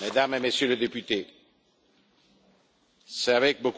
mesdames et messieurs les députés c'est avec beaucoup de satisfaction que je constate